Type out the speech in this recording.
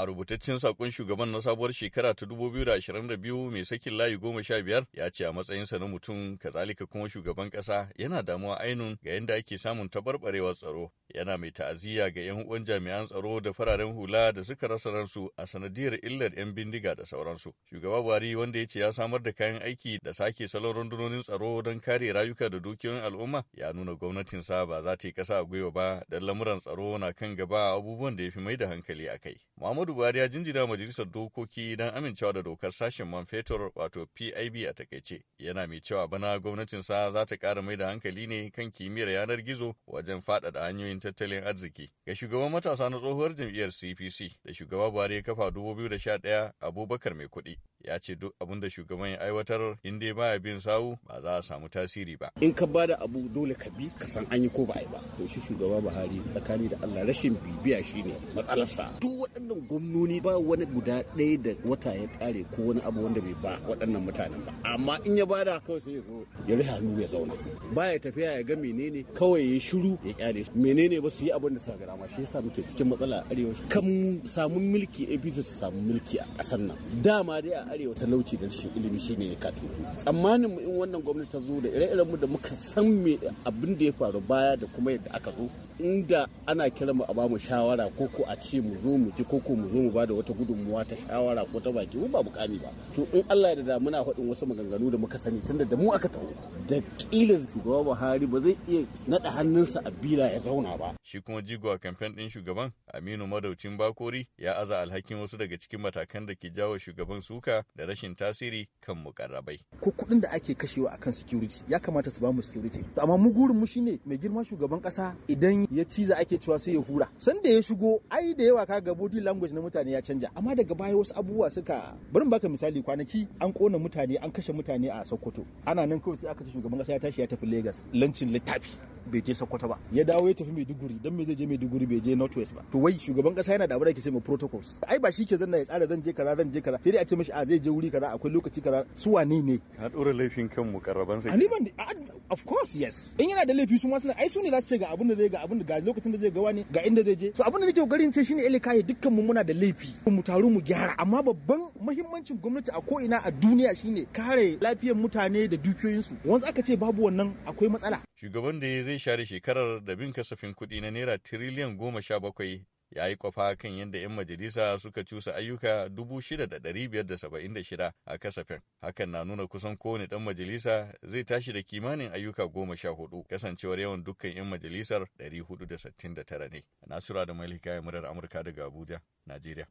A rubutaccen sakon shugaban na sabuwar shekara ta 2022 mai sakin layi goma sha biyar ya ce a matsayinsa na mutum kazalika kuma shugaban ƙasa yana damuwa ainun ga yadda ake samun tabarbarewar tsaro. Yana mai ta'aziyya ga 'yan uwan jami'an tsaro da fararen hula da suka rasa ransu a sanadiyar illar 'yan bindiga da sauransu. Shugaba Buhari wanda ya ce ya samar da kayan aiki da sake salon rundunonin tsaro don kare rayuka da dukiyoyin al'umma ya nuna gwamnatinsa ba za ta yi ƙasa a gwiwa ba don lamuran tsaro na kan gaba abubuwan da ya fi mai da hankali a kai. Muhammadu Muhammadu Buhari ya jinjina majalisar dokoki don amincewa da dokar sashen man fetur wato PIB a takaice. Yana mai cewa bana gwamnatin sa za ta ƙara mai da hankali ne kan kimiyyar yanar gizo wajen faɗaɗa hanyoyin tattalin arziki. Ga shugaban matasa na tsohuwar jam'iyyar CPC da shugaba Buhari ya kafa da sha 2011 Abubakar mai kuɗi. Ya ce duk abin da shugaban ya aiwatar in dai baya bin sawu ba za a samu tasiri ba. In ka bada abu dole ka bi ka san an yi ko ba a yi ba. To shi shugaba Buhari tsakani da Allah rashin bibiya shine matsalarsa. Duk waɗannan gwamnoni ba wani guda ɗaya da wata ya kare ko wani abu wanda bai ba waɗannan mutanen ba amma in ya bada kawai sai ya zo hannu ya zauna baya tafiya ya ga menene kawai ya shiru ya kyale menene ba su yi abin da suka shi yasa muke cikin matsala a arewa kan samu mulki bisa su samu mulki a ƙasar nan dama dai a arewa lauci da shi ilimi ne ya kato tsammanin mu in wannan gwamnati ta zo da ire-iren mu da muka san me abin da ya faru baya da kuma yadda aka zo inda ana kira mu a bamu shawara ko ko a ce mu zo mu ji ko ko mu zo mu bada wata gudunmuwa ta shawara ko ta baki mu ba mukami ba to in Allah ya da muna faɗin wasu maganganu da muka sani tunda da mu aka taho da kila shugaba Buhari ba zai iya nada hannunsa a bila ya zauna ba shi kuma jigo a kamfen din shugaban Aminu Madaucin Bakori ya aza alhakin wasu daga cikin matakan da ke jawo shugaban suka da rashin tasiri kan mukarrabai ko kuɗin da ake kashewa akan security ya kamata su ba mu security amma mu gurin mu shine mai girma shugaban kasa idan ya ciza ake cewa sai ya hura sanda ya shigo ai da yawa ka ga body language na mutane ya canja amma daga baya wasu abubuwa suka bari baka misali kwanaki an kona mutane an kashe mutane a Sokoto ana nan kawai sai aka ci shugaban kasa ya tashi ya tafi Lagos lancin littafi bai je Sokoto ba ya dawo ya tafi Maiduguri dan me zai je Maiduguri bai je North West ba to wai shugaban kasa yana da abin da ke ce ma protocols ai ba shi ke zanna ya tsara zan je kaza zan je kaza sai dai a ce mashi a zai je wuri kaza akwai lokaci kaza su wane ne ka dora laifin kan mu karaban sai ban of course yes in yana da laifi su ma suna ai su ne za su ce ga abin da zai ga abin da ga lokacin da zai ga wani ga inda zai je so abin da nake kokarin ce shine ele kai dukkan mu muna da laifi mu taru mu gyara amma babban muhimmancin gwamnati a ko ina a duniya shine kare lafiyar mutane da dukiyoyinsu wanzu aka ce babu wannan akwai matsala Shugaban da ya zai share shekarar da bin kasafin kuɗi na Naira tiriliyan goma sha bakwai ya yi kwafa kan yadda 'yan majalisa suka cusa ayyuka dubu shida da da da biyar saba'in shida a kasafin. Hakan na nuna kusan kowane ɗan majalisa zai tashi da kimanin ayyuka goma sha hudu kasancewar yawan dukkan 'yan majalisar tara ne. Nasura da Malika ya murar Amurka daga Abuja, Najeriya.